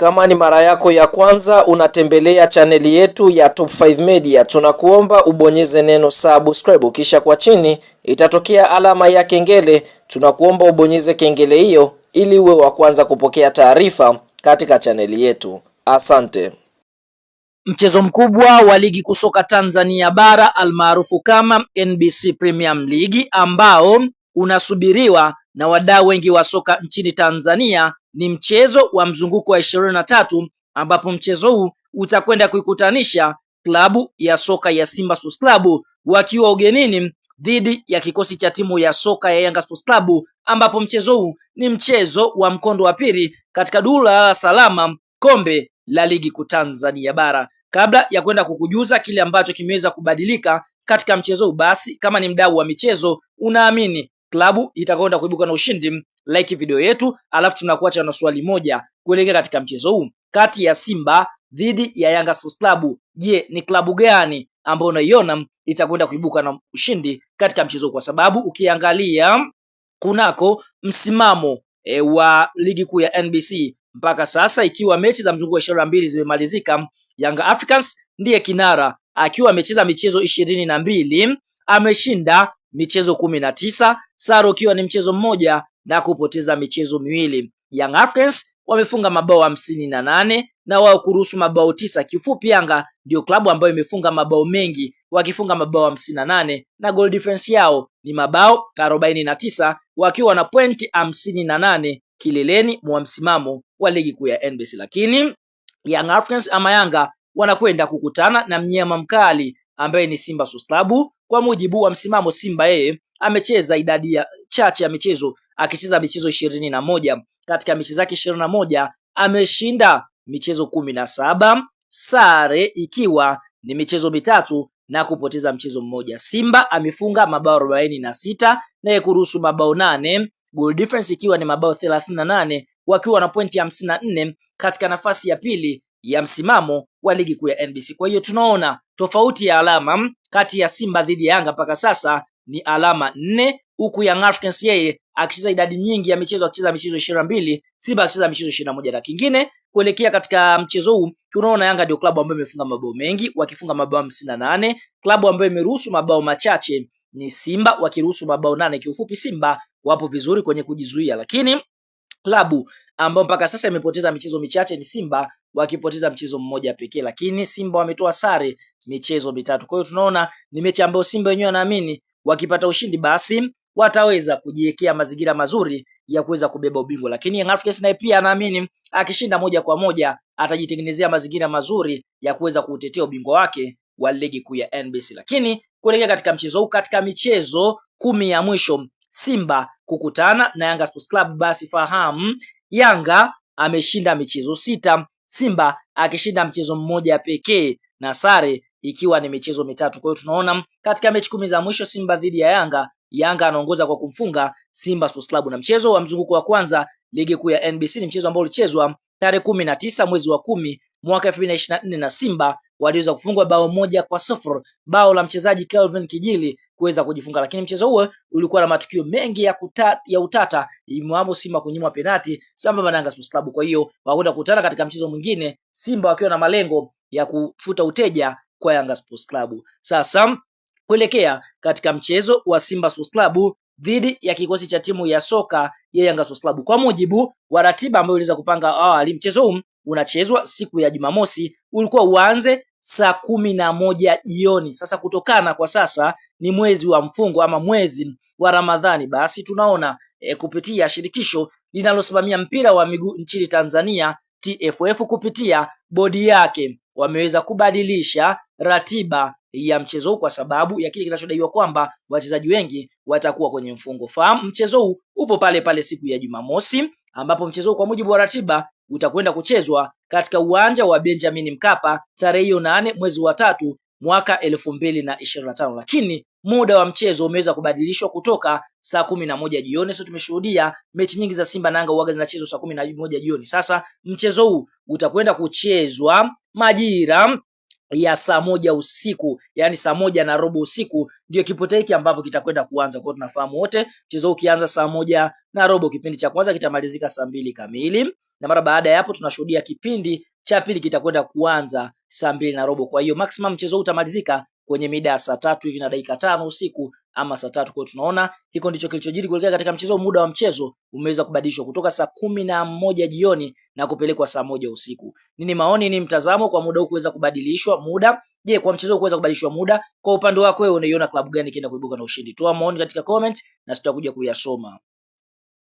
Kama ni mara yako ya kwanza unatembelea chaneli yetu ya Top 5 Media, tunakuomba ubonyeze neno subscribe, kisha kwa chini itatokea alama ya kengele. Tunakuomba ubonyeze kengele hiyo ili uwe wa kwanza kupokea taarifa katika chaneli yetu. Asante. Mchezo mkubwa wa ligi kuu soka Tanzania bara almaarufu kama NBC Premium League ambao unasubiriwa na wadau wengi wa soka nchini Tanzania ni mchezo wa mzunguko wa ishirini na tatu ambapo mchezo huu utakwenda kuikutanisha klabu ya soka ya Simba Sports Club wakiwa ugenini dhidi ya kikosi cha timu ya soka ya Yanga Sports Club ambapo mchezo huu ni mchezo wa mkondo wa pili katika dula la salama kombe la ligi kuu Tanzania bara. Kabla ya kwenda kukujuza kile ambacho kimeweza kubadilika katika mchezo huu, basi kama ni mdau wa michezo unaamini klabu itakwenda kuibuka na ushindi. Like video yetu, alafu tunakuacha na swali moja kuelekea katika mchezo huu kati ya Simba dhidi ya Yanga Sports Club. Je, ni klabu gani ambayo unaiona itakwenda kuibuka na ushindi katika mchezo huu? Kwa sababu ukiangalia kunako msimamo e, wa ligi kuu ya NBC mpaka sasa, ikiwa mechi za mzunguko wa ishirini na mbili zimemalizika, Yanga Africans ndiye kinara akiwa amecheza michezo ishirini na mbili ameshinda michezo kumi na tisa, saro ukiwa ni mchezo mmoja na kupoteza michezo miwili. Young Africans wamefunga mabao hamsini na nane na wao kuruhusu mabao tisa. Kifupi, Yanga ndio klabu ambayo imefunga mabao mengi wakifunga mabao hamsini na nane na goal difference yao ni mabao arobaini na tisa wakiwa na pointi hamsini na nane kileleni mwa msimamo wa ligi kuu ya NBC. Lakini Young Africans ama Yanga wanakwenda kukutana na mnyama mkali ambaye ni Simba Sports Club kwa mujibu wa msimamo Simba, yeye amecheza idadi ya chache ya michezo akicheza michezo ishirini na moja. Katika michezo yake ishirini na moja ameshinda michezo kumi na saba, sare ikiwa ni michezo mitatu na kupoteza mchezo mmoja. Simba amefunga mabao arobaini na sita na kuruhusu mabao nane, goal difference ikiwa ni mabao thelathini na nane wakiwa na pointi hamsini na nne katika nafasi ya pili ya msimamo wa ligi kuu ya NBC. Kwa hiyo tunaona Tofauti ya alama kati ya Simba dhidi ya Yanga mpaka sasa ni alama nne, huku Young Africans yeye akicheza idadi nyingi ya michezo akicheza michezo ishirini na mbili Simba akicheza michezo ishirini na moja na kingine kuelekea katika mchezo huu tunaona Yanga ndio klabu ambayo imefunga mabao mengi wakifunga mabao hamsini na nane klabu ambayo imeruhusu mabao machache ni Simba wakiruhusu mabao nane. Kiufupi, Simba wapo vizuri kwenye kujizuia, lakini klabu ambayo mpaka sasa imepoteza michezo michache ni Simba wakipoteza mchezo mmoja pekee, lakini Simba wametoa sare michezo mitatu. Kwa hiyo tunaona ni mechi ambayo Simba wenyewe anaamini wakipata ushindi basi wataweza kujiwekea mazingira mazuri ya kuweza kubeba ubingwa, lakini Young Africans naye pia anaamini akishinda moja kwa moja atajitengenezea mazingira mazuri ya kuweza kuutetea ubingwa wake wa ligi kuu ya NBC. Lakini kuelekea katika mchezo huu, katika michezo kumi ya mwisho Simba kukutana na Yanga Sports Club, basi fahamu Yanga ameshinda michezo sita, Simba akishinda mchezo mmoja pekee na sare ikiwa ni michezo mitatu. Kwa hiyo tunaona katika mechi kumi za mwisho Simba dhidi ya Yanga, Yanga anaongoza kwa kumfunga Simba Sports Club. Na mchezo wa mzunguko wa kwanza ligi kuu ya NBC ni mchezo ambao ulichezwa tarehe kumi na tisa mwezi wa kumi mwaka 2024 na Simba waliweza kufungwa bao moja kwa sifuri, bao la mchezaji Kelvin Kijili kuweza kujifunga, lakini mchezo huo ulikuwa na matukio mengi ya, kuta, ya utata imwamo Simba kunyimwa penati sambamba na Yanga Sports Club. Kwa hiyo wakwenda kukutana katika mchezo mwingine, Simba wakiwa na malengo ya kufuta uteja kwa Yanga Sports Club. Sasa kuelekea katika mchezo wa Simba Sports Club dhidi ya kikosi cha timu ya soka ya Yanga Sports Club, kwa mujibu wa ratiba ambayo iliweza kupanga awali, mchezo huu unachezwa siku ya Jumamosi, ulikuwa uanze saa kumi na moja jioni. Sasa kutokana kwa sasa ni mwezi wa mfungo ama mwezi wa Ramadhani, basi tunaona e, kupitia shirikisho linalosimamia mpira wa miguu nchini Tanzania TFF kupitia bodi yake wameweza kubadilisha ratiba ya mchezo huu kwa sababu ya kile kinachodaiwa kwamba wachezaji wengi watakuwa kwenye mfungo. Fahamu mchezo huu upo pale pale siku ya Jumamosi ambapo mchezo kwa mujibu wa ratiba utakwenda kuchezwa katika uwanja wa Benjamin Mkapa tarehe hiyo nane mwezi wa tatu mwaka elfu mbili na ishirini na tano lakini muda wa mchezo umeweza kubadilishwa kutoka saa kumi na moja jioni. Sasa tumeshuhudia mechi nyingi za Simba na Yanga uwaga zinachezwa saa kumi na moja jioni. Sasa mchezo huu utakwenda kuchezwa majira ya saa moja usiku yani saa moja na robo usiku ndio kipote hiki ambapo kitakwenda kuanza. Kwa tunafahamu wote mchezo ukianza saa moja na robo kipindi cha kwanza kitamalizika saa mbili kamili, na mara baada ya hapo tunashuhudia kipindi cha pili kitakwenda kuanza saa mbili na robo. Kwa hiyo maximum mchezo utamalizika kwenye mida ya saa tatu hivi na dakika tano usiku ama saa tatu. Kwa tunaona hiko ndicho kilichojiri kuelekea katika mchezo. Muda wa mchezo umeweza kubadilishwa kutoka saa kumi na moja jioni na kupelekwa saa moja usiku. Nini maoni, ni mtazamo kwa muda huu kuweza kubadilishwa muda? Je, kwa mchezo kuweza kubadilishwa muda, kwa upande wako wewe unaiona klabu gani ikienda kuibuka na ushindi? Toa maoni katika comment na sitakuja kuyasoma.